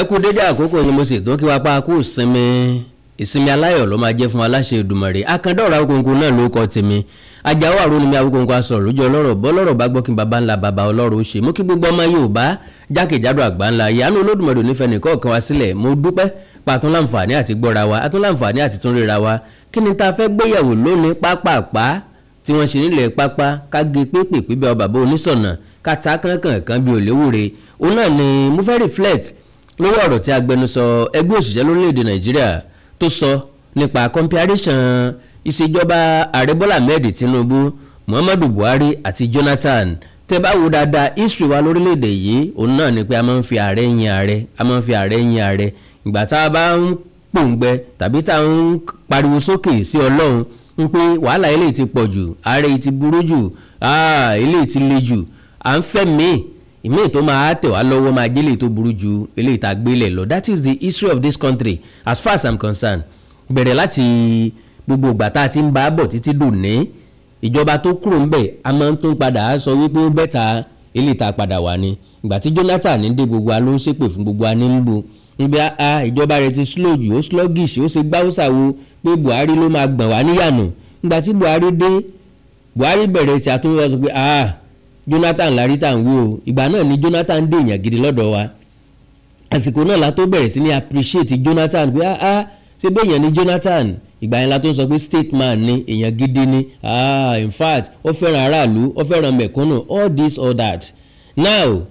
ẹ kú dédé àkókò ni mo ṣètò kí wá pa kú ìsinmi ìsinmi aláyọ̀ ló máa jẹ́ fún aláṣẹ Èdùmàrè akandọ́ra Awikonko náà ló kọ́ tèmi ajáwó àrónimi Awikonko asọ̀rọ̀ lójú ọlọ́rọ̀ bọ́ lọ́rọ̀ bá gbọ́ kí baba ńlá baba ọlọ́rọ̀ ó ṣe mú kí gbogbo ọmọ Yorùbá jákèjádò àgbà ńlá ìyanu Olódùmarè onífẹ̀ẹ́ nìkan kan wá sílẹ̀ mo dúpẹ́ pàtún láǹfààní àti gbọ́ra wa àtún láǹfààní àti tún ríra wa kí ni ta fẹ́ gbéyàwó lónìí ni mo lórí ọ̀rọ̀ tí agbẹnusọ ẹgbẹ́ òṣìṣẹ́ lórílẹ̀‐èdè nàìjíríà tó sọ nípa comparison ìṣèjọba ààrẹ bọ́lá ahmed tinubu muhammadu buhari àti jonathan tẹ bá wo dáadáa history wa lórílẹ̀‐èdè yìí òun náà ni pé a máa ń fi ààrẹ yin ààrẹ a máa ń fi ààrẹ yin ààrẹ ìgbà tá a bá ń pòǹgbẹ tàbí tá a ń pariwo sókè sí ọlọ́run ń pé wàhálà eléyìí ti pọ̀ jù ààrẹ yìí ti burú jù eléyìí ti le jù à ń fẹ́ míì ìmíì tó máa tẹ̀ wá lọ́wọ́ máa jẹ́lẹ̀ tó burú ju eléyìí tá a gbélẹ̀ lọ that is the history of this country as far as i'm concerned bẹ̀rẹ̀ láti gbogbo ìgbà tá a ti ń bá a bọ̀ títí dòní ìjọba tó kúrò ń bẹ̀ a máa ń tún padà á sọ wípé ó bẹ́ta eléyìí tá a padà wà ni ìgbà tí Jonathan ń dé gbogbo wa ló ń ṣépè fún gbogbo wa ní ń lu ibi a ìjọba rẹ ti slow jù ó sluggish ó ṣe gbáwúsà wo pé Buhari ló máa gbọ̀n wá níyànù ìgbà tí Buhari dé Buhari bẹ̀rẹ̀ tí a pé ah Jonathan larí tá à ń wí o ìgbà náà ni Jonathan dèèyàn gidi lọ́dọ̀ wa àsìkò náà la tó bẹ̀rẹ̀ sí ní appreciate Jonathan pé ah ah ṣé bẹ́ẹ̀yàn ni Jonathan ìgbà yẹn la tó ń sọ pé state man ni èèyàn gidi ni ah in fact ó fẹ́ràn aráàlú ó fẹ́ràn mẹ̀kúnnù all this all that now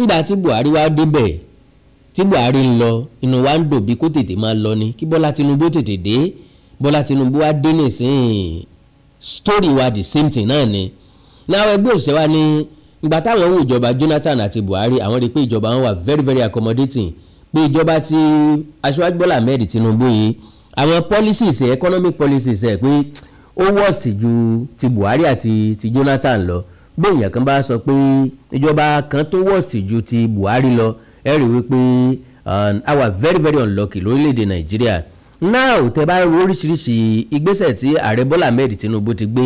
ngbà tí Buhari wá débẹ̀ tí Buhari ń lọ inú wa ń dòbí kó tètè máa lọ ni kí Bọ́lá Tinubu tètè dé Bọ́lá Tinubu wá dé nísìnyí story wa the same thing náà ni láwọn ẹgbẹ́ òṣìṣẹ́ wa ní ìgbà táwọn wò ìjọba Jonathan àti Buhari àwọn rí i pé ìjọba wọn wà very very accommodating pé ìjọba ti aṣíwájú Bọ́lá Ahmed Tinubu yìí àwọn policies economic policies ẹ̀ pé ó worst ju ti Buhari àti ti Jonathan lọ bí èèyàn kan bá sọ pé ìjọba kan tó worst ju ti Buhari lọ ẹ rí i wípé um, a wà very very unlucky lórílẹ̀‐èdè Nàìjíríà náà ò tẹ́ bá rí oríṣiríṣi ìgbésẹ̀ tí ààrẹ Bọ́lá Ahmed Tinubu ti gbé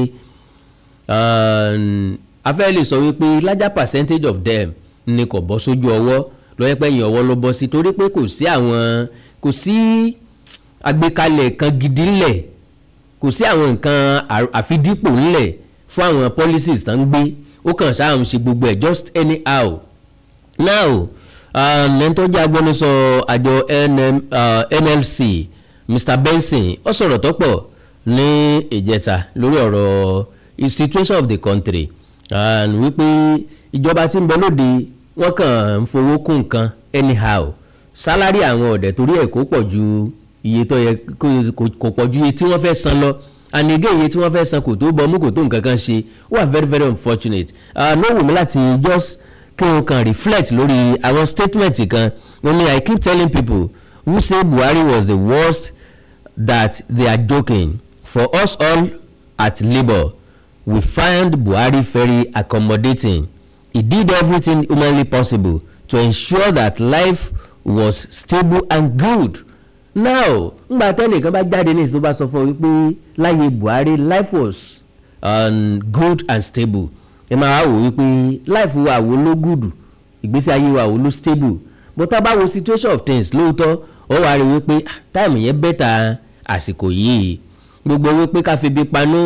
afẹ́ lè sọ wípé larger percentage of them ni kò bọ́ sójú ọwọ́ lọ́yẹ́ pé ẹ̀yìn ọwọ́ ló bọ́ sí torí pé kò sí àwọn kò sí àgbékalẹ̀ kan gidi ńlẹ̀ kò sí àwọn nǹkan àfidípò ńlẹ̀ fún àwọn policies tó ń gbé ó kàn sáà ń ṣe gbogbo ẹ̀ just anyhow now lẹ́ńtọ́jà agbẹnusọ àjọ NLC Mr Benson ó sọ̀rọ̀ tó pọ̀ ní ìjẹta lórí ọ̀rọ̀ situation of the country and wípé ìjọba tí ń bẹ lóde wọ́n kàn ń fowó kún nǹkan anyhow salary àwọn ọ̀dẹ̀ torí ẹ̀ kó pọ̀ ju iye tó yẹ kó pọ̀ ju iye tí wọ́n fẹ́ san lọ and again iye tí wọ́n fẹ́ san kò tó bọ́ mú kò tó nǹkan kan ṣe ó wà very very unfortunate uh, no wù mí láti just kí n kàn reflect lórí àwọn statement kan wọ́n ní i keep telling people who say Buhari was the worst that they are joking for us all at Labour we find Buhari very accommodating. He did everything humanly possible to ensure that life was stable and good. Now, ngbà tẹ́nìkan bá jáde ní ìsọ́ba sọ fún ọ wípé Buhari life was um, good and stable. Ẹ máa wò wípé life wa wo ló gùdù ìgbésí ayé wa wo ló stable. But tá a bá wo situation of things lóòótọ́ ó wá rí wípé ah, time yẹn bẹ́tà àsìkò yìí gbogbo wípé ká febi panú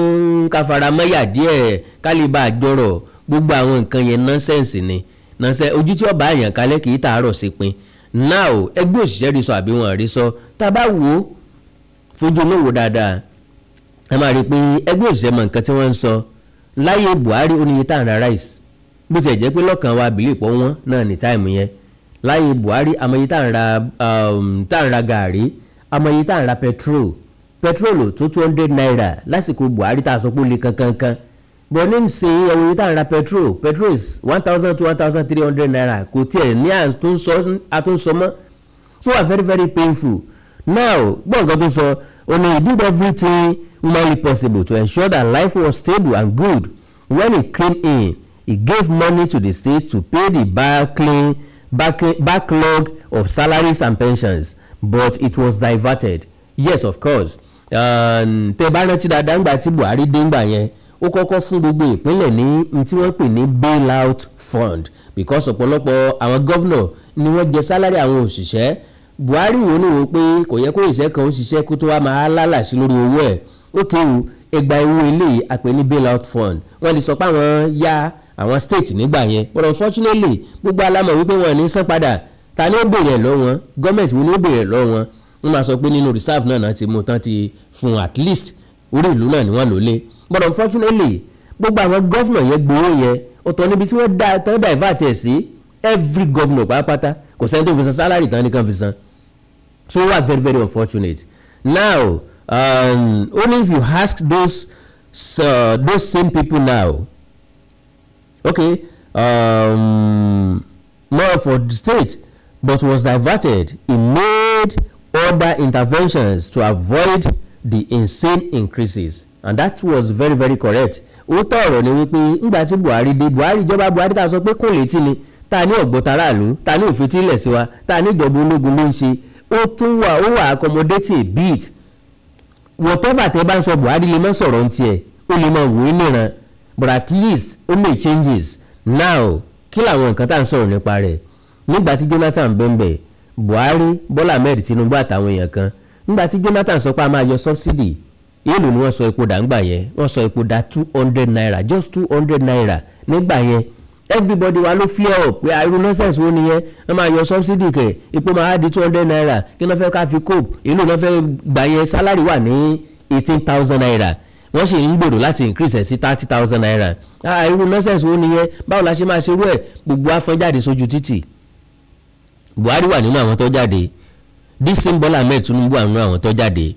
ká fara mọ́yà díẹ̀ ká lè bá a jọrọ̀ gbogbo àwọn nǹkan yẹn nọ́nsẹ̀nsì ni nọ́nsẹ̀ ojú tí ọba àyàn kalẹ̀ kì í tààrọ̀ sí pin náà o ẹgbẹ́ òṣìṣẹ́ rí sọ àbí wọn rí sọ tá a bá wò ó fojú olówó dáadáa ẹ máa rí i pé ẹgbẹ́ òṣìṣẹ́ mọ nǹkan tí wọ́n ń sọ láyé Buhari oníye tá à ń ra rice bó tiẹ̀ jẹ́ pé lọ́kàn wa àbílẹ̀ pọ̀ wọ́n náà ní táìmù yẹn láyé Buhari amọ̀yé tá à ń ra um, gàárì amọ̀yé tá à ń ra petrol pẹtrólù tó two hundred naira lásìkò buhari tá a sọ pé ó le kankankan bọ̀ ní ṣe ẹ̀wọ̀n yìí tá a ra petrol is one thousand to one thousand three hundred naira kò tiẹ̀ ní àtúnṣọ mọ́ so very very painful now gbọ́ nǹkan tó sọ o ní he did everything money possible to ensure that life was stable and good when he came in he gave money to the state to pay the backlog, back, backlog of salaries and pensions but it was diverted yes of course tẹ bá rántí dáadáa ńgbà tí Buhari dé ńgbà yẹn ó kọ́kọ́ fún gbogbo ìpínlẹ̀ ní n tí wọ́n pè ní bailout fund because ọ̀pọ̀lọpọ̀ àwọn gọ́vnọ̀ ni wọ́n jẹ sálárì àwọn òṣìṣẹ́ Buhari wò ni wò pé kò yẹ kó ìṣẹ́ kan òṣìṣẹ́ kó tó wá máa lálàsí lórí owó ẹ̀ ó kéwù ẹgbàá owó eléyìí a pè ní bailout fund wọ́n lè sọ pé àwọn yá àwọn state nígbà yẹn but unfortunately gbogbo alámọ̀ wípé wọn ò ní san padà ta ni ó béèrè lọ́wọ́ gọ́ọ̀mẹ̀ntì wo ni ó béèrè lọ́wọ́ wọ́n máa sọ pé nínú reserve náà náà ti mú tán ti fún at least orí ìlú náà ni wọ́n lò lé but unfortunately gbogbo àwọn gọ́fìnà yẹn gbowó yẹn ọ̀tọ̀ níbi tí wọ́n dá tán divert ẹ̀ sí every governor pàápàá kò sẹ́ni tó fi san salary tán nìkan fi san so we are very very unfortunate now um, only if you ask those uh, those same people now okay um, more for the state but was diverted he made other interventions to avoid the insane increases and that was very very correct òótọ́ ọ̀rọ̀ ni wípé ńgbà tí Buhari dé Buhari ìjọba Buhari tá a sọ pé kò létí ni ta ní ọ̀gbọ́n taráàlú ta ní òfin tí ilẹ̀ sí wa ta ní ìjọba ológun ló ń ṣe ó tún wà ó wà accommodating bit whatever tẹ́ bá ń sọ Buhari lè má sọ̀rọ̀ ń tiẹ̀ ó lè má wò é nìran but at least ó make changes now kí làwọn nǹkan tá à ń sọ̀rọ̀ nípa rẹ̀ nígbà tí Jonathan bẹ́ẹ̀ bẹ́ẹ̀ buhari bola ahmed tinubu àtàwọn èèyàn kan nígbà tí jonathan sọ pé a máa yọ subsidy èèlò ni wọ́n sọ epo dà ńgbà yẹn wọ́n sọ epo two hundred naira just two naira nígbà yẹn everybody wa ló flare up pé irú nonsense wo nìyẹn wọ́n máa yọ subsidy kẹ̀ epo máa di two hundred naira kí wọ́n fẹ́ ká fi cope èèlò wọ́n fẹ́ gbà yẹn salary wà ní eighteen thousand naira wọ́n sì ń gbèrò láti increase ẹ̀ sí thirty thousand naira irú nonsense wo nìyẹn báwo la ṣe máa ṣerú ẹ̀ gbogbo sójú títì. Buhari wà nínú àwọn tó jáde disin Bọ́lá Ahmed Tinubu wà nínú àwọn tó jáde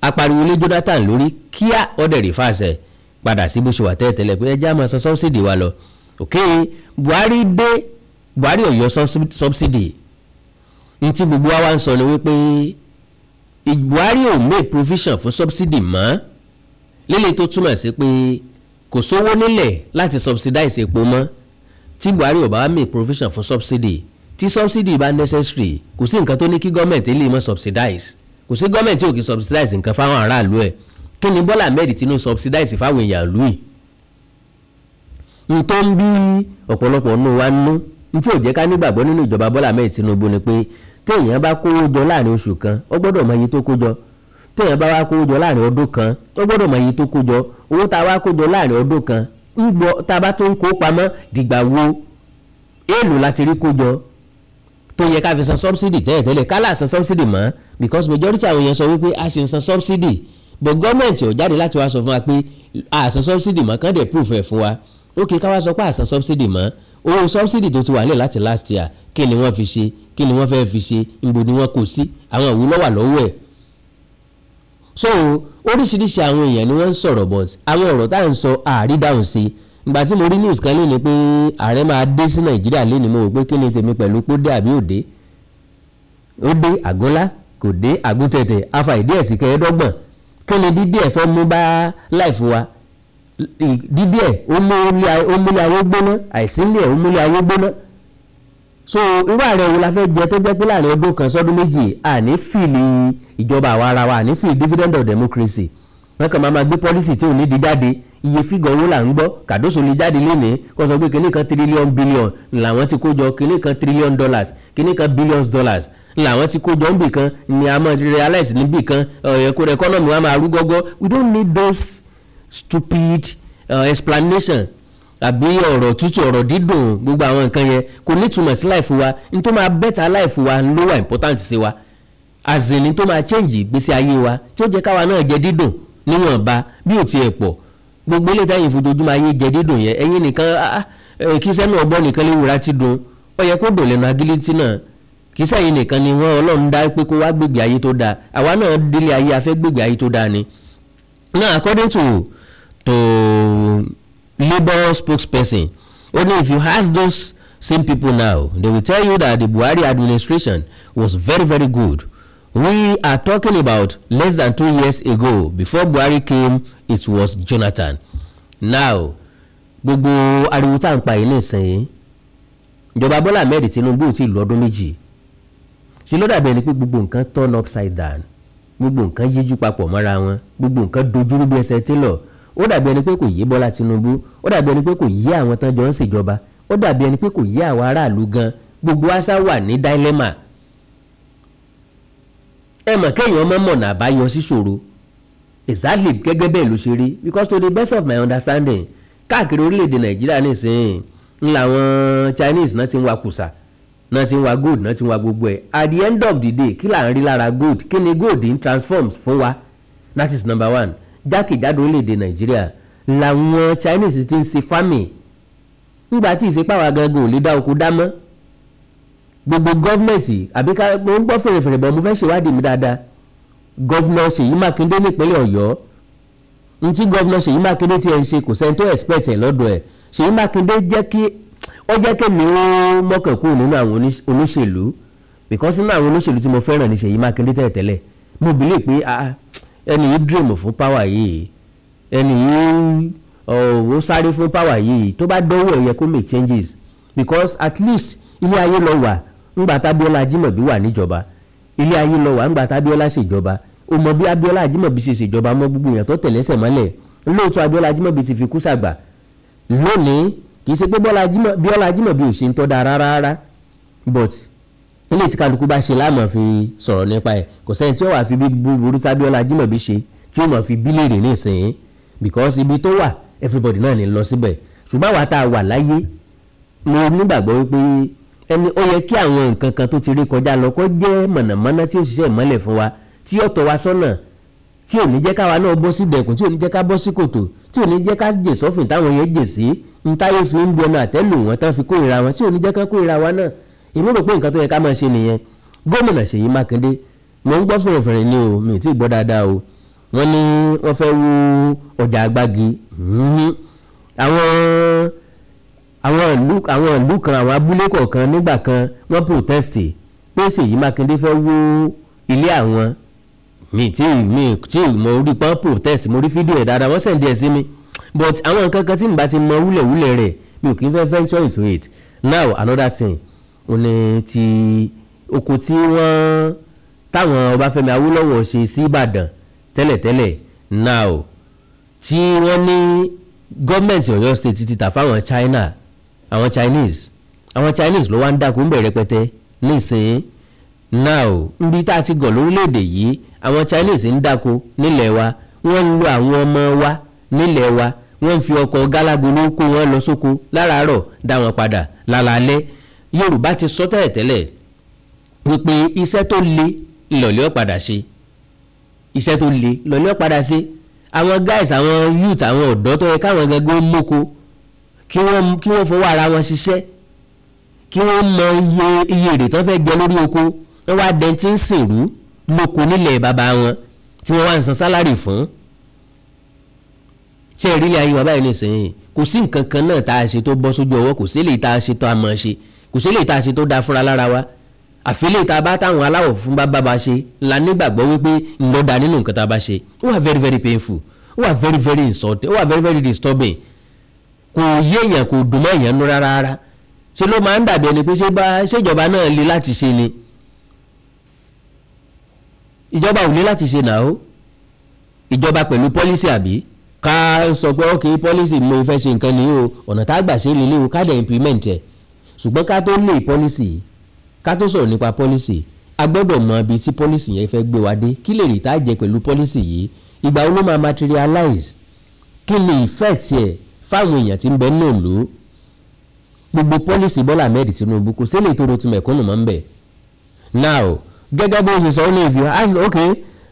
apariwo lé Jonathan lórí kíá ọ̀dẹ̀ rí fàṣẹ padà sí bó ṣe wà tẹ́lẹ̀tẹ́lẹ̀ pé ẹjẹ́ àmọ́ san subsidy wa lọ òkè Buhari dé Buhari ọ̀yọ́ subsidy ní tí gbogbo wa wá ń sọ ni wípé Buhari ò make provision fún subsidy mọ́ lílé tó túmọ̀ sí pé kò sówó nílẹ̀ láti subsidize epo mọ́ tí Buhari ò bá make provision fún subsidy tí subsidy bá necessary kò sí nǹkan tó ní kí gọ́ọ̀mẹ̀ntì lè mọ́ subsidize kò sí gọ́ọ̀mẹ̀ntì ò kí subsidize nǹkan fáwọn aráàlú ẹ̀ kí ni Bọ́lá Ahmed Tinubu subsidize fáwọn èèyàn ìlú yìí ntọ́ ń bí ọ̀pọ̀lọpọ̀ nù wà nú ntí ò jẹ́ ká nígbàgbọ́ nínú ìjọba Bọ́lá ni téèyàn bá kówó jọ jọ láàrin ọdún kan ó gbọ́dọ̀ tó yẹ ká fi san subsidy tẹ́lẹ̀ tẹ́lẹ̀ kálá san subsidy mọ́ because majority àwọn èèyàn sọ wípé a ṣe ń san subsidy but gọ́ọ̀mẹ̀ntì ò jáde láti wá sọ fún wa pé a san subsidy mọ́ kán dẹ̀ proof ẹ̀ fún wa ok ká wá sọ pé a san subsidy mọ́ owó subsidy tó ti wà lẹ̀ láti last year kí ni wọ́n fi ṣe kí ni wọ́n fẹ́ fi ṣe níbo ni wọ́n kò sí àwọn ìwúlò wà lọ́wọ́ ẹ̀ so oríṣiríṣi àwọn èèyàn ni wọ́n ń sọ̀rọ̀ but àwọn ọ̀rọ̀ táà ń sọ àrídáhùn sí i ìgbà tí mo rí news kan léni pé ààrẹ máa dé sí nàìjíríà léni mo rò pé kí ni tèmi pẹ̀lú kó dé àbí òde ó dé àgúnlá kò dé àgúntẹ̀tẹ̀ afa ìdí ẹ̀sìn kẹẹ̀ẹ́dọ́gbọ̀n kí ni dídí ẹ̀ fẹ́ mú bá láìfù wa dídí ẹ̀ ó múlẹ̀ awó gbóná àìsílẹ̀ ó múlẹ̀ awó gbóná so irú ààrẹ wo la fẹ́ jẹ tó jẹ́ pé láàrin ọdún kan sọ́dún méjì àní fìlì ìjọba àwa ara wa àní fìlì dividend of democracy wọ́n kàn máa ma gbé policy tí ò ní di jáde iye fígọ̀ owó là ń gbọ́ kàdóso lè jáde lónìí kó sọ pé kínní kan tírílíọ̀n bílíọ̀n làwọn ti kó jọ kínní kan tírílíọ̀n dollars kínní kan bílíọ̀n dollars làwọn ti kó jọ níbì ni a máa realize níbì kan ẹ̀kọ́ economy wa máa rú gọ́gọ́ we don't need those stupid uh, explanation àbí ọ̀rọ̀ tútù ọ̀rọ̀ dídùn gbogbo àwọn nǹkan yẹn kò nítumọ̀ sí láìfù wa ní tó máa bẹ́tà láìfù wa ló wà important sí wa àzìní tó máa change ìgbésí ayé wa tí ó jẹ́ káwa náà jẹ́ dídùn níwọ̀nba bí ò tiẹ̀ pọ̀ gbogbo ilé táyìn fojoojúmọ́ ayé jẹ̀dídùn yẹn ẹ̀yin nìkan ah, ah, eh, kí sẹ́nu ọgbọ́ nìkan lè wúra ti dùn ó yẹ kó dùn agilítì náà kì í nìkan ni wọ́n ọlọ́run dá pé kó wá gbègbè ayé tó da. àwa náà délé ayé afẹ́ gbègbè ayé tó dáa ni. now according to to labour spokesperson only if you ask those same people now they will tell you that the Buhari administration was very very good we are talking about less than two years ago before Buhari came it was Jonathan now gbogbo ariwo tá à ń pa yìí nísìnyí ìjọba Bọ́lá Ahmed Tinubu ò tí ì lọ ọdún méjì ṣe ló dàbẹ̀ ni pé gbogbo nǹkan turn upside down gbogbo nǹkan yíjú papọ̀ mọ́ra wọn gbogbo nǹkan dojúrú bí ẹsẹ̀ télọ̀ ó dàbí ẹni pé kò yé Bọ́lá Tinubu ó dàbí ẹni pé kò yé àwọn tán jọ ń ṣèjọba ó dàbí ẹni pé kò yé àwọn aráàlú gan gbogbo àṣà wà ní dilemma ẹ mọ̀ kéèyàn mọ̀ mọ̀nà àbáyọ síṣòro exactly gẹ́gẹ́ bẹ́ẹ̀ ló ṣe rí because to the best of my understanding káàkiri orílẹ̀-èdè nàìjíríà nìsín ń làwọn chinese náà ti ń wa kùsà náà ti ń wa gold náà ti ń wa gbogbo ẹ̀ at the end of the day kí là ń rí lára gold kí ni gold ń transforms fún wa that is number one jákèjádò orílẹ̀-èdè nàìjíríà làwọn chinese ti ń ṣe farming ńgbà tí ìṣepáwa gangan ò lè dá oko dá mọ́ gbogbo gọ́fìmẹ̀ntì àbíká mo ń gbọ́ fèrèfèrè bọ́ mo fẹ́ ṣèwádìí mi dáadáa gọ́fúnà ṣèyí mákindé nípínlẹ̀ ọ̀yọ́ ní tí gọ́fúnà ṣèyí mákindé ti ẹ̀ ń ṣe kò sẹ́ni tó expect ẹ̀ lọ́dọ̀ ẹ̀ ṣèyí mákindé jẹ́ kí ó jẹ́ kémi ó mọ́kàn nínú àwọn olóṣèlú because nínú àwọn olóṣèlú tí mo fẹ́ràn ní ṣèyí mákindé tẹ̀tẹ̀lẹ̀ mo believe pé ah, ẹni yìí dream fún power yìí ẹni yìí oh, ó sáré fún power yìí tó bá dánwò ẹ̀ yẹ kó make changes because at least ilé ayé lọ wà ńgbà tábíọ́lá Ajímọ̀bí wà níjọba ilé ayé lọ wà ńgbà tábíọ́lá ṣèjọba ó mọ bí Abíọ́lá Ajímọ̀bí ṣe ṣèjọba mọ́ gbogbo èèyàn tó tẹ̀lẹ́sẹ̀ mọ́lẹ̀ lóòótọ́ Abíọ́lá Ajímọ̀bí ti fi kú sàgbà lónìí kì í ṣe pé Bíọ́lá Ajímọ̀bí ò ṣe ń tọ́ rárá but ilé tí kálukú bá ṣe láàmú fi sọ̀rọ̀ nípa ẹ̀ kò sẹ́ni tí ó wà fi bí burú tábíọ́lá Ajímọ̀bí ṣe tí ó mọ̀ fi bíléèrè ní because ibi tó wà everybody náà ní lọ síbẹ̀ ṣùgbọ́n àwa tá a wà láyé mo nígbàgbọ́ pé ẹni ó yẹ kí àwọn nǹkan kan tó ti rí kọjá lọ kó jẹ́ mọ̀nàmọ́ná tí ó ṣiṣẹ́ ìmọ́lẹ̀ fún wa tí ó tọ́ wa sọ́nà tí ò ní jẹ́ káwa náà bọ́ sí dẹ̀kùn tí ò ní jẹ́ ká bọ́ sí kòtò tí ò ní jẹ́ ká jè sọ́fìn táwọn yẹn jè sí n táyé fi ń bu ẹnu àtẹ́lù wọn tán fi kórìíra wọn tí ò ní jẹ́ ká kórìíra wa náà èmi rò pé nǹkan tó yẹ ká máa ṣe nìyẹn gómìnà Ṣèyí Mákindé mo ń gbọ́ fèrèfèrè ni o mi ò gbọ́ dáadáa o wọ́n ní wọ́n fẹ́ wo ọjà àgbàgi àwọn ìlú kan àwọn abúlé kọ̀ọ̀kan nígbà kan wọ́n protest pé Ṣèyí Mákindé fẹ́ wó ilé àwọn mi tí mi tí mo rí pọ́n test. mo rí fídíò ẹ̀ dáadáa wọ́n sẹ̀ǹdí ẹ̀ sí mi but àwọn nǹkan kan tí n bá ti mọ wúlẹ̀wúlẹ̀ rẹ̀ mi ò kì í fẹ́ venture into it now another thing ó ní ti oko tí wọ́n táwọn Ọbáfẹ́mi Awólọ́wọ̀ ṣe sí Ìbàdàn tẹ́lẹ̀tẹ́lẹ̀ now tí wọ́n ní gọ́ọ̀mẹ̀ntì Ọ̀yọ́ state ti tà fáwọn China àwọn Chinese àwọn Chinese ló wá ń dákun bẹ̀rẹ̀ pẹ́tẹ́ nísìnyí now níbi tá a ti gọ̀ lórílẹ̀ yìí àwọn Chinese ń dáko nílẹ̀ wa wọ́n ń lo àwọn ọmọ wa nílẹ̀ wa wọ́n ń fi ọkọ̀ gálágolo kó wọn lọ sóko láràárọ̀ dá wọn padà lálálẹ́ Yorùbá ti sọ tẹ́lẹ̀tẹ́lẹ̀ wípé iṣẹ́ tó le lọ́lẹ́ ọ̀padà ṣe iṣẹ́ tó le lọ́lẹ́ ọ̀padà ṣe àwọn guys àwọn youth àwọn ọ̀dọ́ tó yẹ káwọn gẹ́gẹ́ mọ́kọ kí wọ́n kí wọ́n fọwọ́ ara wọn ṣiṣẹ́ kí wọ́n mọ iye èrè tó fẹ́ jẹ lórí oko wọ́n wá dẹ́ntí ń sèrú lóko nílẹ̀ bàbá wọn tí wọ́n wá ń san sálárì fún ṣé ìrírí ayé wa báyìí nìsín kò sí nǹkan kan náà tá a ṣe tó bọ́ sójú ọwọ́ kò sí èlé tá a ṣe tó a mọ̀ ṣe kò sí èlé tá a ṣe tó da fúnra lára wa àfilẹ̀ tá a bá táwọn aláwọ̀ fún bá ba ṣe la nígbàgbọ́ wípé ńlọ́dà nínú nǹkan tá a bá ṣe ó wà very very painful ó wà very very insulting ó wà very very disturbing kò yé èèyàn kò dùn mọ́ èèyàn nú rárá rárá ṣe ló máa ń dàbí ẹni pé ṣé ìjọba náà le láti ṣe ni ìjọba ò ní láti ṣe nà ó ìjọba pẹ̀lú pọ́lísì àbí ká sọ pé ok pọ́lísì mo fẹ́ ṣe nǹkan nìyí o ọ̀nà tá a gbà ṣe lélẹ́ o ká dẹ̀ implement ẹ̀ ṣùgbọ́n ká tó lè pọ́lísì ká tó sọ̀rọ̀ nípa pọ́lísì a gbọ́dọ̀ mọ ibi tí pọ́lísì yẹn fẹ́ gbé wa dé kí lè rí tá a jẹ pẹ̀lú pọ́lísì yìí ìgbà wo ló máa materialize kí lè ìfẹ́ tiẹ̀ fáwọn èèyàn tí ń bẹ náà lò gbogbo pọ́lísì Bọ́lá Ahmed Tinubu kò sí lè tó mọ́ ń bẹ̀ now gẹ́gẹ́ bó only if you ask. okay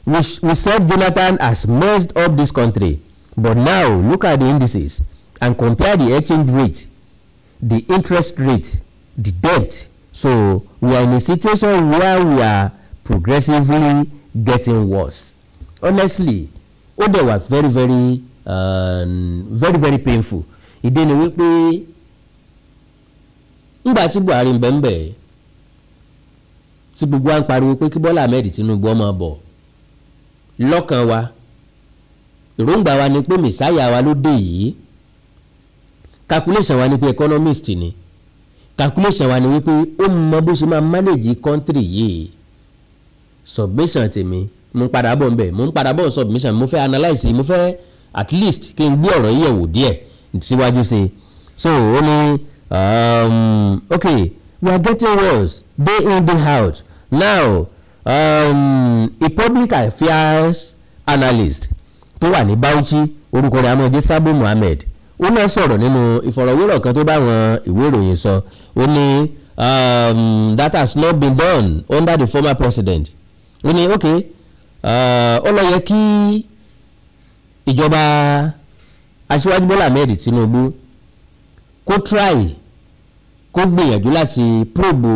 we, we said Jonathan has messed up this country but now look at the indices and compare the exchange rate the interest rate the debt so we are in a situation where we are progressively getting worse honestly ó was very very um, very very painful He didn't we. tí Buhari ń bẹ̀ ń tí gbogbo wa ń pariwo pé kí Bọ́lá Ahmed Tinubu ọmọ bọ̀ lọ́kàn wa èròǹgbà wa ni pé mẹ̀sáyà wa ló dé yìí calculation wa ni pé economist ni calculation wa ni wípé ó mọ bó ṣe máa manage country yìí submission tèmi mo ń padà bọ̀ nbẹ̀ mo ń padà bọ̀ submission mo fẹ́ analyse mo fẹ́ at least kí n gbé ọ̀rọ̀ yẹ̀wò díẹ̀ síwájú sí i so ó ní um, okay we are getting worse day in day out now um, a public affairs analyst tó wà ní Bauchi orúkọ rẹ̀ amọ̀jẹ́ Sabo Muhammed ó náà sọ̀rọ̀ nínú ìfọ̀rọ̀wérọ̀ kan tó bá àwọn ìwé ìròyìn sọ ó ní um, that has not been done under the former president ó ní ok uh, ó lọ yẹ kí ìjọba aṣíwájú Bọ́lá Ahmed Tinubu kó try kó gbìyànjú láti probe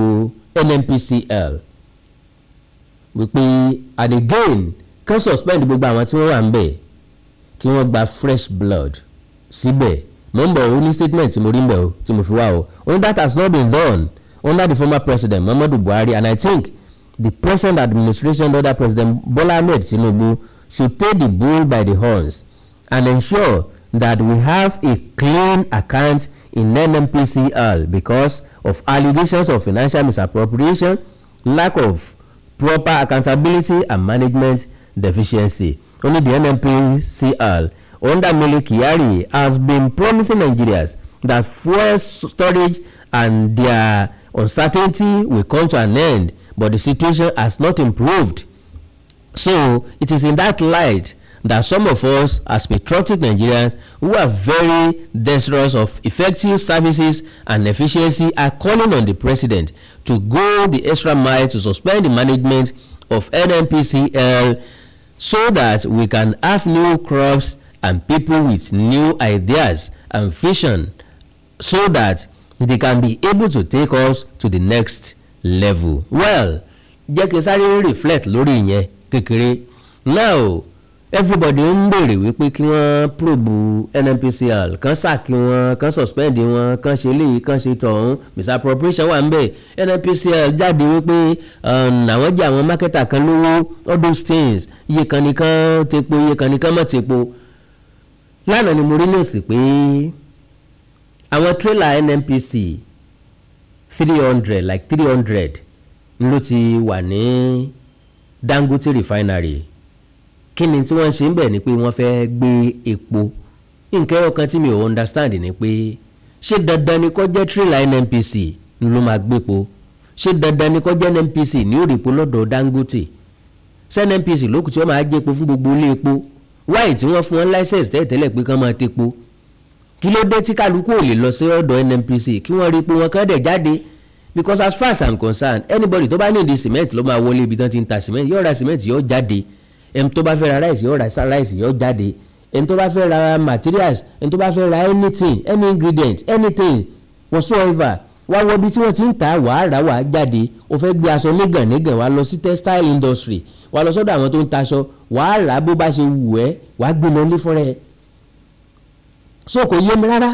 NNPCL wípé and again kan suspend gbogbo àwọn tí wọ́n wà ń bẹ̀ kí wọ́n gba fresh blood síbẹ̀ mo ń bọ̀ ó ní statement tí mo rí ń bẹ̀ ó tí mo fi wá o that has not been done under the former president Muhammadu Buhari and I think the present administration under President Bola Ahmed Tinubu should take the bull by the horns and ensure that we have a clean account in NNPCL because of allegations of financial misappropriation, lack of proper accountability and management deficiency. Only the NMPCL under Mili has been promising Nigerians that fuel storage and their uncertainty will come to an end, but the situation has not improved. So it is in that light that some of us as patriotic Nigerians who are very desirous of effective services and efficiency are calling on the president to go the extra mile to suspend the management of NNPCL so that we can have new crops and people with new ideas and vision so that they can be able to take us to the next level. well jẹ́ kí n sáré reflect lórí ìyẹn kékeré now everybody ń béèrè wípé kí wọ́n probe NNPCL kan sàkí wọn kan suspend wọn kan ṣe léyìí kan ṣe tọ̀hún misappropriation wà ń bẹ̀ NNPCL jáde wípé um, àwọn jẹ́ àwọn mákẹ́tà kan lówó all those things iye kan nìkan po. iye kan nìkan mọ̀ tepo lánàá ni mo rí lòsì pé àwọn tírélà NNPC three hundred like three hundred ló ti wà ní Dangote refinery kí ni tí wọ́n ṣe ń bẹ̀ ni pé wọ́n fẹ́ẹ́ gbé epo nǹkan ẹ̀rọ kan tí mi ò understand ni pé ṣé dandan ni kó jẹ́ tírìlà NNPC ni ló máa gbépo ṣé dandan ni kó jẹ́ NNPC ní òrìpo lọ́dọ̀ Dangote ṣé NNPC lókùtì ó máa jẹ́po fún gbogbo ilé epo wáyé tí wọ́n fún wọn license tẹ́tẹ́lẹ̀ pé kán máa tepo kí ló dé tí kálukú ò lè lọ sí ọ̀dọ̀ NNPC kí wọ́n rí i pé wọ́n dẹ̀ jáde because as far as i'm concerned anybody tó bá ní ìdí cement ló máa wọlé ibi tán ti ń ta cement yóò ra cement yóò jáde ẹni tó bá fẹ́ ra ráìsì yóò ra ráìsì yóò jáde ẹni tó bá fẹ́ ra materials ẹni tó bá fẹ́ ra anything any ingredient anything whatsoever wá wọ ibi tí wọ́n ti ń ta wàá rà wàá jáde o fẹ́ gbé aṣọ nígànnìgàn wàá lọ sí textile industry wàá lọ sọ́dọ̀ àwọn tó ń taṣọ wàá rà bó bá ṣe wù ẹ́ wàá gbé lọ ní fúnra ẹ̀ so kò yé mi rárá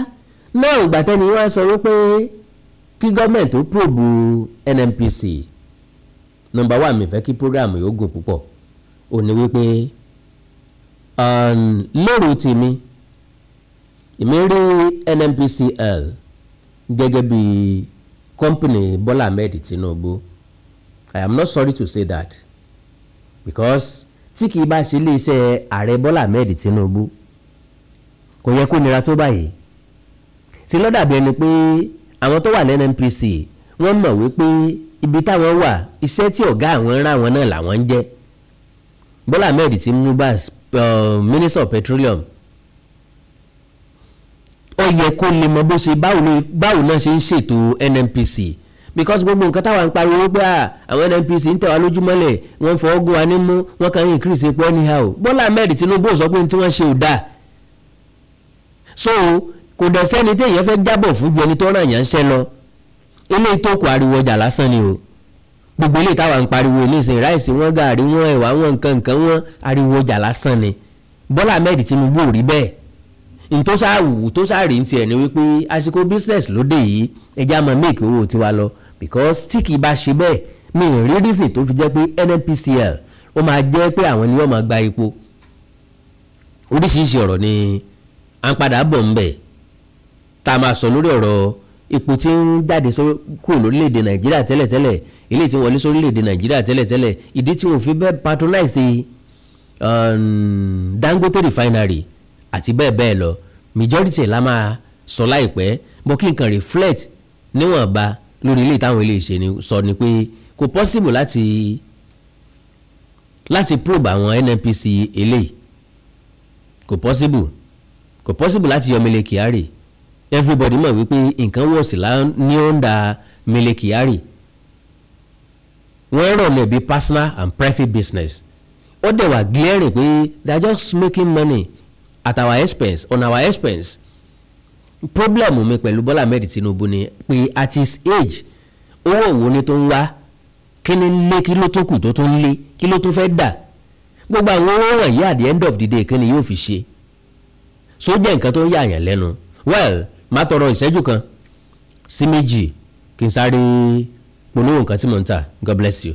náà ìgbà tẹ́ni wọ́n sọ wípé kí gọ́ọ̀mẹ̀ntì ó probe NNPC Number one, mí fẹ́ kí program yóò gùn púpọ̀ ò ní wípé lérò tèmi èmi rí NNPCL gẹ́gẹ́ bí company Bọ́lá Ahmed Tinubu I am not sorry to say that because tí kì í bá ṣe iléeṣẹ́ ààrẹ Bọ́lá Ahmed Tinubu kò yẹ kó nira tó báyìí sí ló dàbí ẹni pé àwọn tó wà ní NNPC wọ́n mọ̀ wípé ibi táwọn wà iṣẹ́ tí ọ̀gá àwọn ń rà wọn náà làwọn ń jẹ́ Bọ́lá Ahmed Tinubu as uh, um, Minister of Petroleum ó yẹ kó lè mọ bó ṣe báwo náà ṣe ń ṣètò NNPC because gbogbo nǹkan táwa ń pariwo pé àwọn NNPC ń tẹ̀ wá lójúmọ́lẹ̀ wọ́n fọwọ́ gún wa nímú wọ́n kàn ń increase epo anyhow Bọ́lá Ahmed Tinubu sọ pé tí wọ́n ṣe ò dáa so kò dẹ̀ sẹ́ni tí èèyàn fẹ́ jábọ̀ fún ju ẹni tó ràn yàn ń ṣẹ́ lọ ilé ìtòkù ariwo ọjà lásán ni o gbogbo ilé ìtawà ń pariwo nísìnyí ráìsì wọn gàrí wọn ẹ̀wà wọn nǹkan nǹkan wọn ariwo ọjà lásán ni Bọ́lá Ahmed Tinubu ò rí bẹ́ẹ̀ ntòsáàwù tòsáàrí tiẹ̀ ni wípé àsìkò business lóde yìí ẹja máa make owó tiwa lọ because tí kìí bá ṣe bẹ́ẹ̀ mi ò rí reason tó fi jẹ́ pé NNPCL ó máa jẹ́ pé àwọn ni wọ́n máa gba epo oríṣiríṣi ọ̀rọ̀ ni à ń padà bọ̀ ń bẹ̀ tá a máa sọ lórí ọ̀rọ̀ epo tí ń jáde kúrò lórílẹ̀‐èdè nàìjíríà tẹ́lẹ̀tẹ́lẹ̀ eléyìí tí wọlé sórílẹ̀‐èdè nàìjíríà tẹ́lẹ̀tẹ́lẹ̀ ìdí tí wọ́n fi bẹ́ẹ̀ patronize um, dangote refinery àti bẹ́ẹ̀ bẹ́ẹ̀ lọ majority la máa sọ láìpẹ́ bó kí n kàn reflect níwọ̀nba lórí ilé táwọn ilé ìṣe sọ ni pé kò possible láti láti probe àwọn nnpc eléyìí kò possible kò possible láti yọmílẹ̀ kyari everybody mọ̀ wípé nǹkan wọ̀sì ní ọ̀ndà Mele Kyari wọ́n rọ̀ lẹ̀ bí personal and private business ó dẹ̀ wà glaring pé they are just making money at our expense on our expense problem mi pẹ̀lú Bọ́lá Ahmed Tinubu ni pé at his age owó òwò ni tó ń wá kí ni lé kí ló tó kù tó tó ń lé kí ló tó fẹ́ dà gbogbo àwọn owó wọ̀nyí at the end of the day kí ni yóò fi ṣe so jẹ́ nǹkan tó ń yà yàn lẹ́nu well má tọrọ ìṣẹ́jú kan sí méjì kí n sáré polówó nǹkan tí mò ń tà God bless you.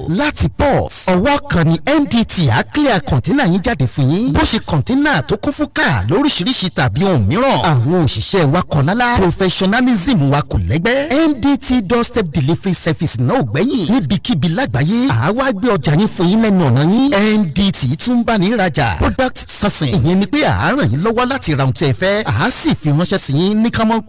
láti port ọwọ́ kan ni MDT á clear container yín jáde fún yín bó ṣe kọ̀ńténà tó kún fún káà lóríṣiríṣi tàbí ohun mìíràn àwọn òṣìṣẹ́ wa kọ̀ lálá professionalism wa kò lẹ́gbẹ́ MDT doorstep delivery service náà ò gbẹ́yìn níbikíbi lágbàáyé àwa gbé ọjà yín fún yín lẹ́nu ọ̀nà yín MDT tún bá ní ìrajà product sourcing ìyẹn ni pé à ń ràn yín lọ́wọ́ láti ra ohun tí ẹ fẹ́ à á ní kámọ́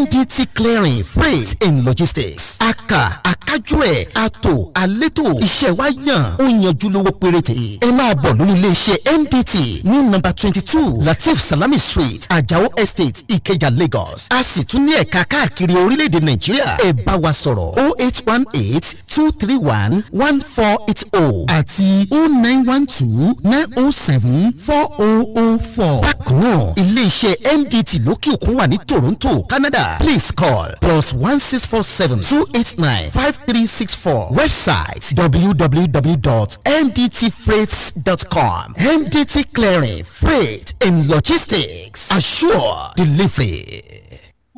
MDT clearing freight and logistics aka akájú ẹ̀ ato alẹ́ létò iṣẹ́ wa yàn ó yanjú lówó péréte ẹ máa bọ̀ lórí iléeṣẹ́ MDT ní nọ́mbà twenty two Latif Salami Street Ajao Estate Ikeja Lagos a sì tún ní ẹ̀ka káàkiri orílẹ̀-èdè Nàìjíríà ẹ bá wa sọ̀rọ̀ o oh eight one eight two three one one four eight o oh àti o oh nine one two nine o seven four o o four. bákan náà iléeṣẹ́ MDT lókè òkun wà ní Toronto Canada please call plus one six four seven two eight nine five three six four website website www.mdtfreights.com. MDT Clearing, Freight and Logistics. Assure delivery.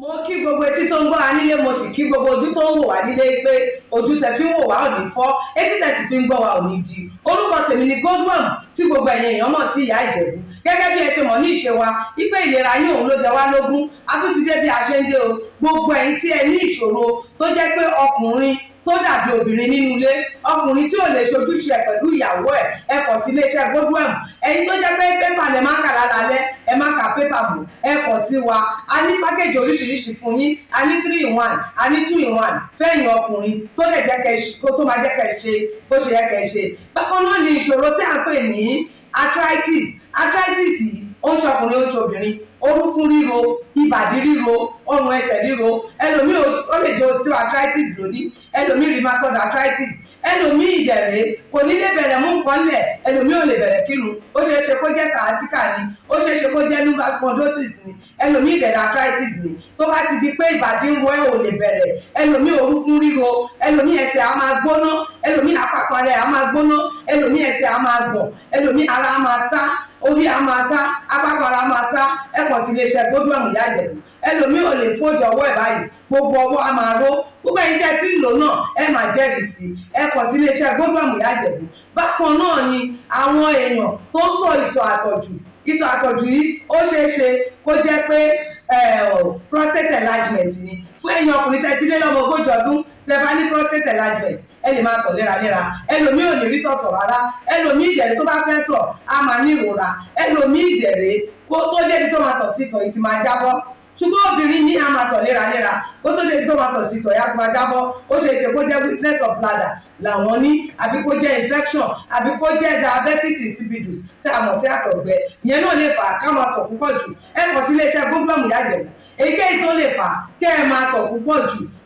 mo kí gbogbo etí tó ń gbọ́ wa mo sì kí gbogbo ojú tó ń wò wá nílé pé ojú tẹ fi ń wò wá ò fọ́ etí tẹ sì fi ń gbọ́ wa ò di orúkọ tèmi ni Goldwam tí gbogbo ẹ̀yin èèyàn mọ̀ sí ìyá Ìjẹ̀bú gẹ́gẹ́ bí ẹ ṣe mọ̀ ní ìṣe wa wípé ìlera yín òun ló jẹ wá lógún a tún ti dé bí a ṣe ń dé o gbogbo ẹ̀yin tí ẹ ní ìṣòro tó jẹ́ pé ọkùnrin tó dàbí obìnrin nínú ilé ọkùnrin tí ò lè ṣojúṣe ẹ pẹ̀lú ìyàwó ẹ ẹ kọ sí iléeṣẹ́ gbódú ẹ̀mù ẹ̀yin tó jẹ́ pé pépà lè má kà lálálẹ́ ẹ má kà pépà bò ẹ kọ sí wa a ní pákéjì oríṣiríṣi fún yín a ní three in one a ní two in one fẹ́yìn ọkùnrin tó lè jẹ́ kẹ́ ṣe tó máa jẹ́ kẹ́ ṣe bó ṣe yẹ kẹ́ ṣe bákan náà ni ìṣòro tí à pè ní arthritis arthritis yìí ó ń ṣọkùnrin ó ń ṣobìnrin orúkún ríro ìbàdí ríro ọrùn ẹsẹ̀ ríro ẹlòmíì ó lè jẹ́ osteoarthritis lónìí ẹlòmíì rheumatoid arthritis ẹlòmíì ìdẹ̀rẹ̀ kò ní lè bẹ̀rẹ̀ mú nǹkan lẹ̀ ẹlòmíì ò lè bẹ̀rẹ̀ kírun ó ṣeé ṣe kó jẹ́ sciatica ni ó ṣeé ṣe kó jẹ́ lumbar spondylosis ni ẹlòmíì ìdẹ̀rẹ̀ arthritis ni tó bá ti di pé ìbàdí ń wọ ẹ̀ ò lè bẹ̀rẹ̀ ẹlòmíì orúkún ríro ẹlòmíì ẹsẹ̀ á máa gbóná ẹlòmíì àpapọ̀ rẹ̀ á máa gbóná ẹlòmíì ẹsẹ̀ á máa gbọ̀n ẹlòmíì ara á máa tá orí a máa ta apákọ̀ọ́ra máa ta ẹ pọ̀ sí iléeṣẹ́ gbódú ọ̀hún ìyá ìjẹ̀bù ẹlòmíì ò lè fòjò ọwọ́ ẹ̀ báyìí gbogbo ọwọ́ a máa ró gbogbo ẹ̀yin tẹ́ ẹ ti ń lò náà ẹ máa jẹ́rìí sí ẹ pọ̀ sí iléeṣẹ́ gbódú ọ̀hún ìyá ìjẹ̀bù bákan náà ni àwọn èèyàn tó ń tọ̀ ìtọ̀ àtọ̀jù ìtọ̀ àtọ̀jù yìí ó ṣeé ṣe kó jẹ́ pé prostate enlargement ni fún ẹ̀yin ọkùnrin tẹ́ lé lọ́mọ ogójì ọdún tẹ́ ní prostate enlargement ẹ lè máa tọ̀ léraléra ẹlòmíì ò ní rí tọ̀tọ̀ rárá ẹlòmíì ìjẹ̀rẹ̀ tó bá fẹ́ tọ̀ á máa ní ìrora ẹlòmíì ìjẹ̀rẹ̀ kó tó débi tó máa tọ̀ sí tọ̀ ìtì máa jábọ́ ṣùgbọ́n obìnrin ní a máa tọ̀ léraléra kó tó débi tó máa tọ̀ sí tọ̀ ìyá ti máa jábọ́ ó ṣe é ṣe kó jẹ́ weakness of bladder làwọn ní àbí kó jẹ́ infection àbí kó jẹ́ diabetes insipidus tí a mọ̀ sí àtọ̀gbẹ ìyẹn náà lè fà á ká máa tọ̀ púpọ̀ jù ẹ kàn sí iléeṣẹ́ gómìnà ìyá ìjẹ̀bù èyíkéyìí tó lè fà á kẹ́ ẹ máa tọ̀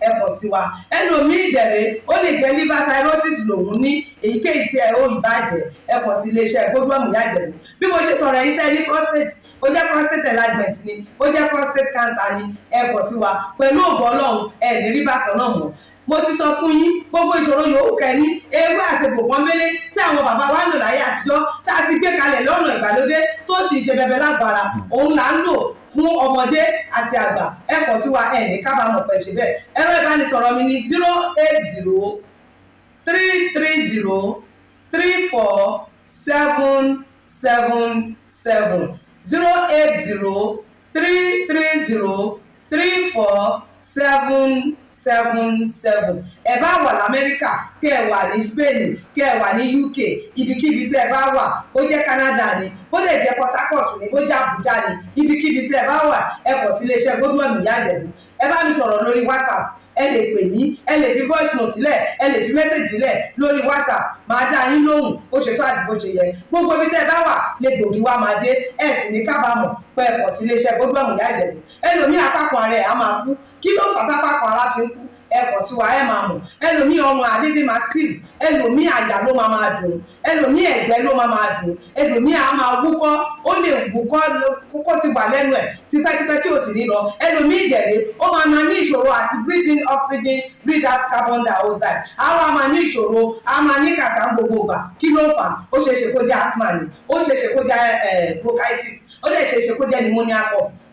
ẹ kàn sí wa ẹlòmíì ìjẹ̀rẹ̀ ó lè jẹ́ liver cirrhosis lòun ní èyíkéyìí tí ẹ ó ìbàjẹ́ ẹ kàn sí iléeṣẹ́ gbódúọ̀mù yájẹ̀rẹ̀ bí mo ṣe sọ̀rọ̀ yìí tẹ́ prostate ó jẹ́ prostate enlargement ni ó jẹ́ prostate cancer ni ẹ kàn sí wa pẹ̀lú ògbọ́n ọlọ́run ẹ ní rí bákan náà mọ́ mo ti sọ fún yín gbogbo ìṣòro yòówù kẹ́ni ewé àti bòpọ́n mélé tí àwọn bàbá wa ń lò láyé àtijọ́ tá a ti gbé kalẹ̀ lọ́nà ìgbàlódé tó sì ṣe bẹbẹ lágbára òun là ń lò fún ọmọdé àti àgbà ẹ kọ sí wa ẹ̀ ní kábàámọ̀ pẹ̀ ṣe bẹ́ẹ̀ ẹ̀rọ ìbánisọ̀rọ̀ mi ni zero eight zero three three zero three four seven seven seven zero eight zero three three zero three four seven seven seven ẹ bá wà lamẹ́ríkà kẹ́ ẹ wà ní spain kẹ́ ẹ wà ní uk ibikíbi tẹ́ ẹ bá wà ó jẹ́ canada ni ó lè jẹ́ port harcourt ni ó jẹ́ abuja ni ibikíbi tẹ́ ẹ bá wà ẹ kọ̀ sí iléeṣẹ́ gbogbo ẹ̀mí yájẹ̀bù ẹ bá mi sọ̀rọ̀ lórí whatsapp ẹ lè pè mí ẹ lè fi voice note lẹ̀ ẹ lè fi message lẹ̀ lórí whatsapp máa dá yín lóhùn ó ṣètò àti bó ṣe yẹ gbogbo ibi tẹ́ ẹ bá wà lè gbòógì wá máa dé ẹ sì ní kábàámọ̀ pé ẹ kọ̀ sí iléeṣẹ́ gbogbo ẹ̀mí yájẹ̀bù ẹlòmíì apákan rẹ̀ á máa kú kí ló fà tápákọ̀ ara fi ń kú ẹ̀kọ́ sí wa ẹ̀ máa mọ̀ ẹlòmíì ọmọ àdédé máa steve ẹlòmíì àyà ló máa máa dùn ẹlòmíì ẹ̀gbẹ́ ló máa máa dùn ẹlòmíì a máa wúkọ́ ó lè wúkọ́ kókó ti wà lẹ́nu ẹ̀ tipẹ́tipẹ́ tí ò sì ní lọ ẹlòmíì ìdẹ̀rẹ́ ó máa máa ní ìṣòro àti breathe oxygen breathe out carbon dioxide àwọn a máa ní ìṣòro a máa ní kàtà gbogbo gbà kí ló fà ó ṣeé kó jẹ́ asthma ni ó ṣeé kó jẹ́ bronchitis ó dẹ̀ ṣeé kó jẹ́ pneumonia cough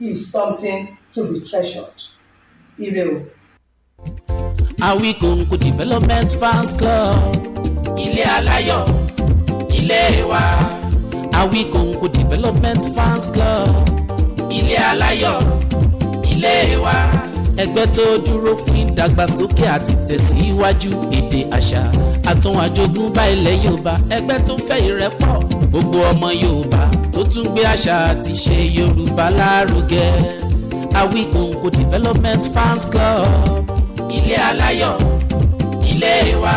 is something to be treasured. Ire o. Awikonko Development Fans Club. Ilé aláyọ̀, ilé wa. Awikonko Development Fans Club. Ilé aláyọ̀, ilé wa. Ẹgbẹ́ tó dúró fún ìdàgbàsókè àti tẹ̀síwájú èdè àṣà àtúnwájogúnbá ilẹ̀ Yorùbá ẹgbẹ́ tó fẹ́ ìrẹ́pọ̀ gbogbo ọmọ Yorùbá tó tún gbé àṣà àti ṣe Yorùbá lárugẹ Awikonko Development Fans Club ilé aláyọ̀ ilé wa.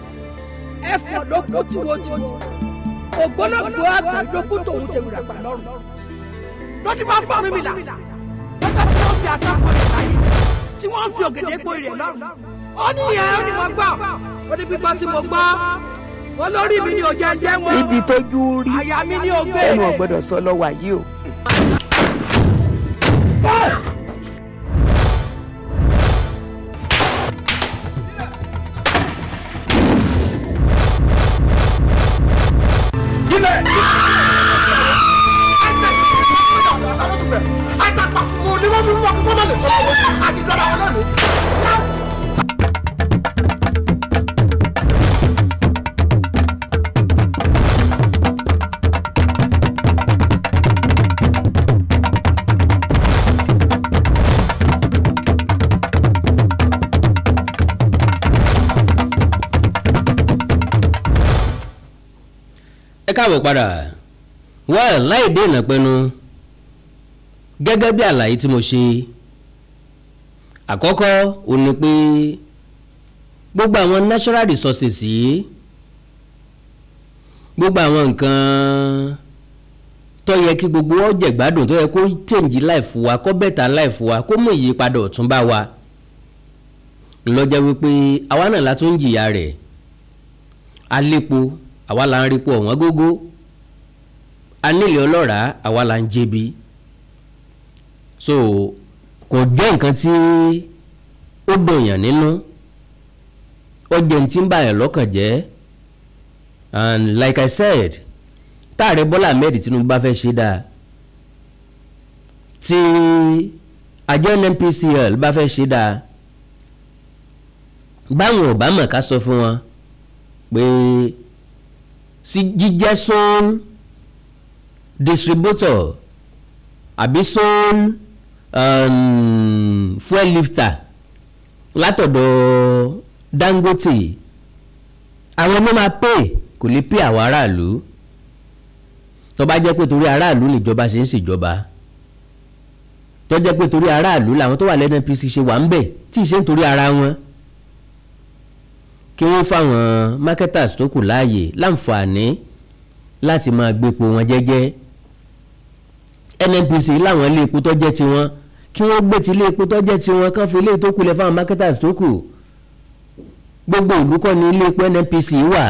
ẹ̀fọ́ ló kú tiwo tiwo ògbólógbò àgbẹ̀ ló kú tòun tèmi rà pa lọ́rùn lọ́dún bá fọ́ mi là lọ́jọ́ tí wọ́n fi àtàkùn rẹ̀ láyé tí wọ́n fi ògèdè gbó rẹ̀ lọ́rùn ó ní ó ní mo gbà ó ní gbígbọ́ tí mo gbọ́ wọn lórí mi ni òjẹ́ jẹ́ wọn ibi tójú rí àyà mi ni ògbé ẹnu ò sọ lọ́wọ́ àyè o. ẹ káàbọ̀ padà well láì dé ìnàpẹnu gẹ́gẹ́ bí àlàyé tí mo ṣe àkọ́kọ́ ò ní pé gbogbo àwọn natural resources yìí gbogbo àwọn nǹkan tó yẹ kí gbogbo ọ̀jẹ̀ gbádùn tó yẹ kó change life wa kó better life wa kó mú ìyípadà ọ̀tún bá wa ló wípé àwa náà la jìyà rẹ̀ alẹ́po àwa là ń ripo ọ̀wọ́n gógó anílẹ̀ ọlọ́ràá àwa là ń jẹbi so kò jẹ́ nǹkan tí ó dùnyàn nínú ó jẹ́ ní tí ń bàyàn lọ́kàn jẹ́ and like I said táàrẹ Bọ́lá Ahmed Tinubu bá fẹ́ ṣe dáa tí àjọ NNPCL bá fẹ́ ṣe dáa báwọn ò bá sọ fún wọn pé sí jíjẹ́ sole distributor àbí sole um, fuel lifter látọ̀dọ̀ Dangote àwọn ọmọ máa pè kò lè pè àwọn aráàlú tó bá jẹ́ pé torí aráàlú níjọba ṣe ń ṣèjọba tó jẹ́ pé torí aráàlú làwọn tó wà lẹ́nu NPC ṣe wà ń bẹ̀ tí ì ṣe ń torí ara wọn kí wọ́n fáwọn marketers tó kù láàyè láǹfààní láti máa gbépo wọn jẹ́jẹ́ NNPC láwọn ilé epo tó jẹ́ tiwọn kí wọ́n gbé ti ilé epo tó jẹ́ tiwọn kán fi ilé tó kù lẹ̀ fáwọn marketers tó kù gbogbo ìlú kọ́ ni ilé epo NNPC wà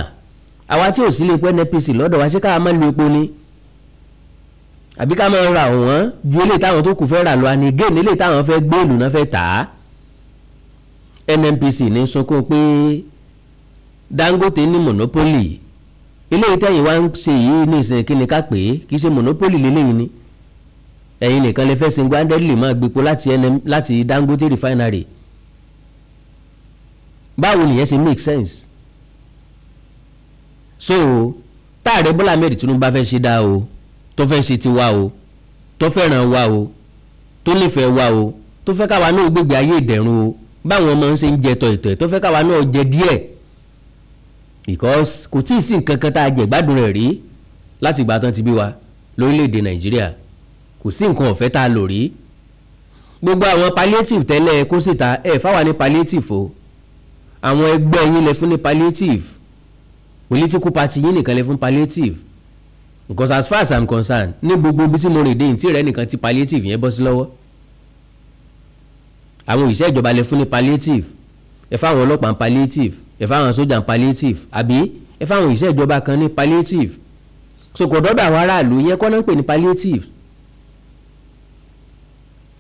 àwa tí ò sí ilé epo NNPC lọ́dọ̀ wa ṣé ká máa lu epo ni àbí ká máa ra wọ́n ju ilé táwọn tó kù fẹ́ rà lọ àní géènì ilé táwọn fẹ́ gbé ìlú náà fẹ́ tà á NNPC ní sunkún pé Dangote ní monopoly eléyìí tẹ̀yìn wá ń ṣe yìí ní ìsìn kí ni ká pè é kì í ṣe monopoly lélẹ́yìn ni ẹ̀yin nìkan lè fẹ́ sin gbandẹ́lì máa gbépo láti nm láti Dangote refinery báwo nìyẹn ṣe make sense so táàrẹ Bọ́lá Ahmed Tinubu bá fẹ́ ṣe dáa o tó fẹ́ ṣe tiwa o tó fẹ́ràn wa o tó nífẹ̀ẹ́ wa o tó fẹ́ káwa náà gbégbé ayé ìdẹ̀rùn o báwọn ọmọ ń ṣe ń jẹ tọ̀ ìtọ̀ tó fẹ́ káwa náà jẹ díẹ̀ because kò tí ì sí nǹkan kan tá a jẹ ìgbádùn rẹ̀ rí láti ìgbà tán ti bí wa lórílẹ̀‐èdè nàìjíríà kò sí nǹkan ọ̀fẹ́ tá a lò rí gbogbo àwọn palliative tẹ́lẹ̀ kó síta ẹ̀ fáwa ní palliative o àwọn ẹgbẹ́ yín lè fún ní palliative political party yín nìkan lè fún palliative because as far as i'm concerned ní gbogbo ibi tí mo rèé dé ìtì rẹ nìkan ti palliative yẹn bọ́ sí lọ́wọ́ àwọn òṣìṣẹ́ ìjọba lè fún ní palliative ẹ fáwọn ọlọ́pàá palliative ẹ fáwọn sójà palliative àbí ẹ fáwọn òṣìṣẹ́ ìjọba kan ní palliative so kò dọ́dọ̀ àwọn aráàlú yẹn kọ́ náà ń pè ní palliative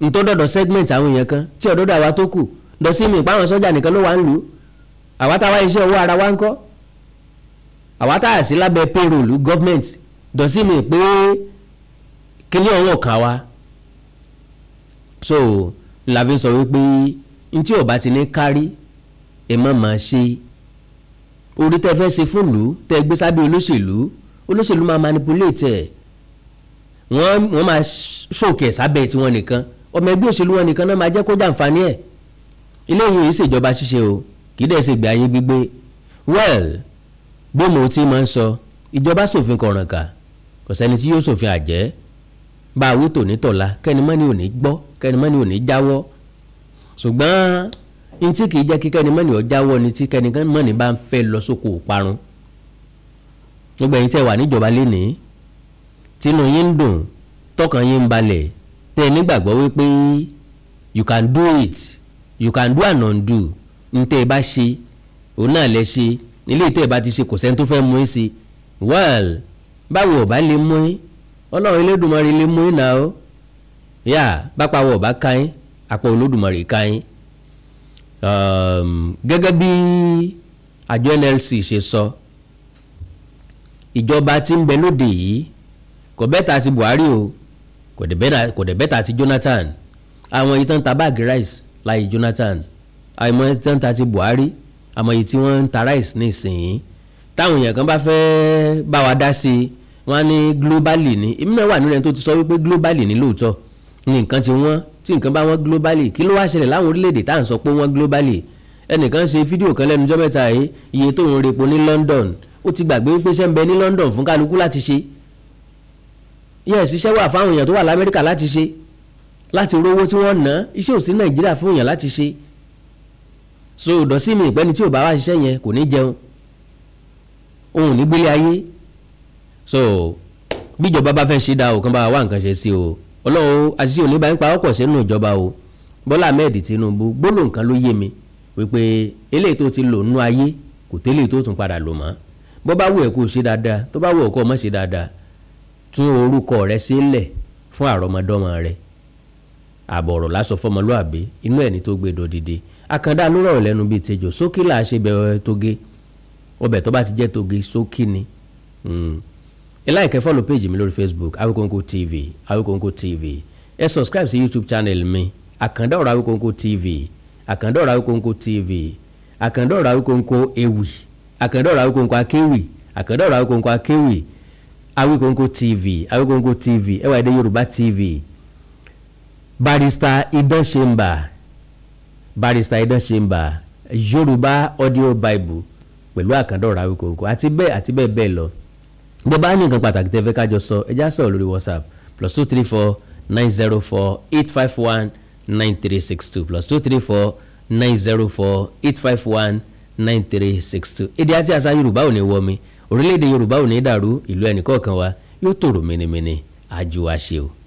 ntọ́dọ̀dọ̀ segment àwọn èèyàn kan tí ọ̀dọ́dọ̀ àwa tó kù lọ sí mi ìpáwọn sójà nìkan ló wà ń lù àwa táwa iṣẹ́ owó ara wa ń kọ́ àwa tá sí lábẹ́ payroll government dọ̀sí mi pé kíní ọ̀hún ọ̀kan wa so làbí sọ wípé ntí ò bá ti ní kárí ẹ má máa ṣe é orí tẹ́ fẹ́ ṣe fún ìlú tẹ́ gbé sábẹ́ olóṣèlú olóṣèlú máa manipulate ẹ̀ wọ́n wọ́n máa ṣòkè sábẹ́ tiwọn nìkan ọmọ ẹgbẹ́ òṣèlú wọn nìkan náà máa jẹ́ kó jàǹfààní ẹ̀ ilé ìwé yìí ṣèjọba ṣíṣe o kì í dẹ̀ ṣe gbé gbígbé well gbọ́mọ tí máa ń sọ ìjọba ṣòfin kọ̀ọ̀ràn kà kò sẹ́ni tí yóò ṣòfin àjẹ́ bá a wí tòní tọ̀la kẹ́ni mọ́ni ò ní gbọ́ kẹ́ni mọ́ni ò ní jáwọ́ ṣùgbọ́n n tí kìí jẹ́ kí kẹ́ni mọ́ni ọjà wọ ni tí kẹ́ni mọ́ni bá ń fẹ́ lọ sóko òparun gbogbo ẹ̀yin tẹ́ wà níjọba lénìí tínú yín ń dùn tọkàn yín ń balẹ̀ tẹ́ nígbàgbọ́ wípé you can do it you can do and undo n tẹ́ ẹ bá ṣe òun náà lẹ ṣe nílé tẹ́ ẹ bá ti ṣe kò sẹ́ni tó fẹ́ mú ẹ ṣe well báwo ọba lè mú ẹ ọlọ́run Elédùmarè lè mú ẹ náà ó yà bápá wọ ọba ká ẹ àpò Olódùmarè ká ẹ. Um, gẹ́gẹ́ bí àjọ NLC ṣe sọ ìjọba tí ń bẹ lóde yìí kò bẹ́tà ti Buhari o kò dẹ̀ bẹ́tà ti Jonathan àwọn yìí tán ta báàgì rice láyé Jonathan àìmọ̀ yìí tán ta ti Buhari àmọ́ yìí tí wọ́n ń ta rice nísìnyí táwọn èèyàn kan bá fẹ́ bá wa dá sí i wọ́n á ní globally ni èmi náà nínú ẹni tó ti sọ wípé globally ni lóòótọ́ ní nǹkan tí wọ́n tí nǹkan bá wọ́n globally kí ló wá ṣẹlẹ̀ láwọn orílẹ̀-èdè tá à ń sọ pé wọ́n globally ẹnìkan ṣe fídíò kan lẹ́nu jọ́mẹ́ta yìí iye tó ń repo ní London ó ti gbàgbé pé ṣẹ́ ń bẹ ní London fún kálukú láti ṣe yẹ́ẹ̀sì iṣẹ́ wà fáwọn èèyàn tó wà l'Amẹ́ríkà láti ṣe láti rówó tí wọ́n ná iṣẹ́ ò sí Nàìjíríà fún èèyàn láti ṣe so ìdọ̀sí mi ìpẹ́ni tí ò bá wá ṣiṣẹ́ yẹn kò ní jẹun òun ní gbélé ayé so bíjọba bá fẹ́ ṣe dáa ò kàn bá wa nǹkan ṣe sí o ọlọ́run àṣìṣe òní báyìí parọ́ pọ̀ sínú ìjọba o Bọ́lá Ahmed Tinubu gbólóhùn kan ló yé mi wípé eléyìí tó ti lò nú ayé kò tẹ́lẹ̀ tó tún padà lò mọ́ bó bá wù ẹ́ kó o ṣe dáadáa tó bá wù ọ́ kó o má ṣe dáadáa tún orúkọ rẹ sílẹ̀ fún àrọmọdọ́mọ rẹ àbọ̀rọ̀ lásọ fọmọlúàbí inú ẹni tó gbé dòdìdì àkàndá ló rọrùn lẹ́nu bíi tejò sókí là á ṣe bẹ̀rẹ̀ toge ọbẹ̀ tó bá ti jẹ́ toge sókí ni. Hmm ẹ like ẹ follow page mi lórí facebook awikonko tv awikonko tv ẹ subscribe sí youtube channel mi àkàndá ọ̀rọ̀ awikonko tv àkàndá ọ̀rọ̀ awikonko tv àkàndá ọ̀rọ̀ awikonko ewì àkàndá ọ̀rọ̀ awikonko akéwì àkàndá ọ̀rọ̀ awikonko akéwì awikonko tv awikonko tv ẹ wá èdè yorùbá tv barista idan shemba barista idan shemba yorùbá audio bible pẹ̀lú àkàndá ọ̀rọ̀ awikonko àti bẹ́ẹ̀ àti bẹ́ẹ̀ bẹ́ẹ̀ lọ bó bá ní nǹkan pàtàkì tẹ́ fẹ́ kájọ sọ ẹ já lórí whatsapp plus two three four nine zero four eight five one nine three six two plus two three four nine zero four eight five one nine three six two èdè àti àṣà yorùbá ò ní wọ mi orílẹ̀-èdè yorùbá ò ní dàrú ìlú ẹnìkọ̀ọ̀kan wa yóò tòrò mìnìmìnì àjò àṣe o.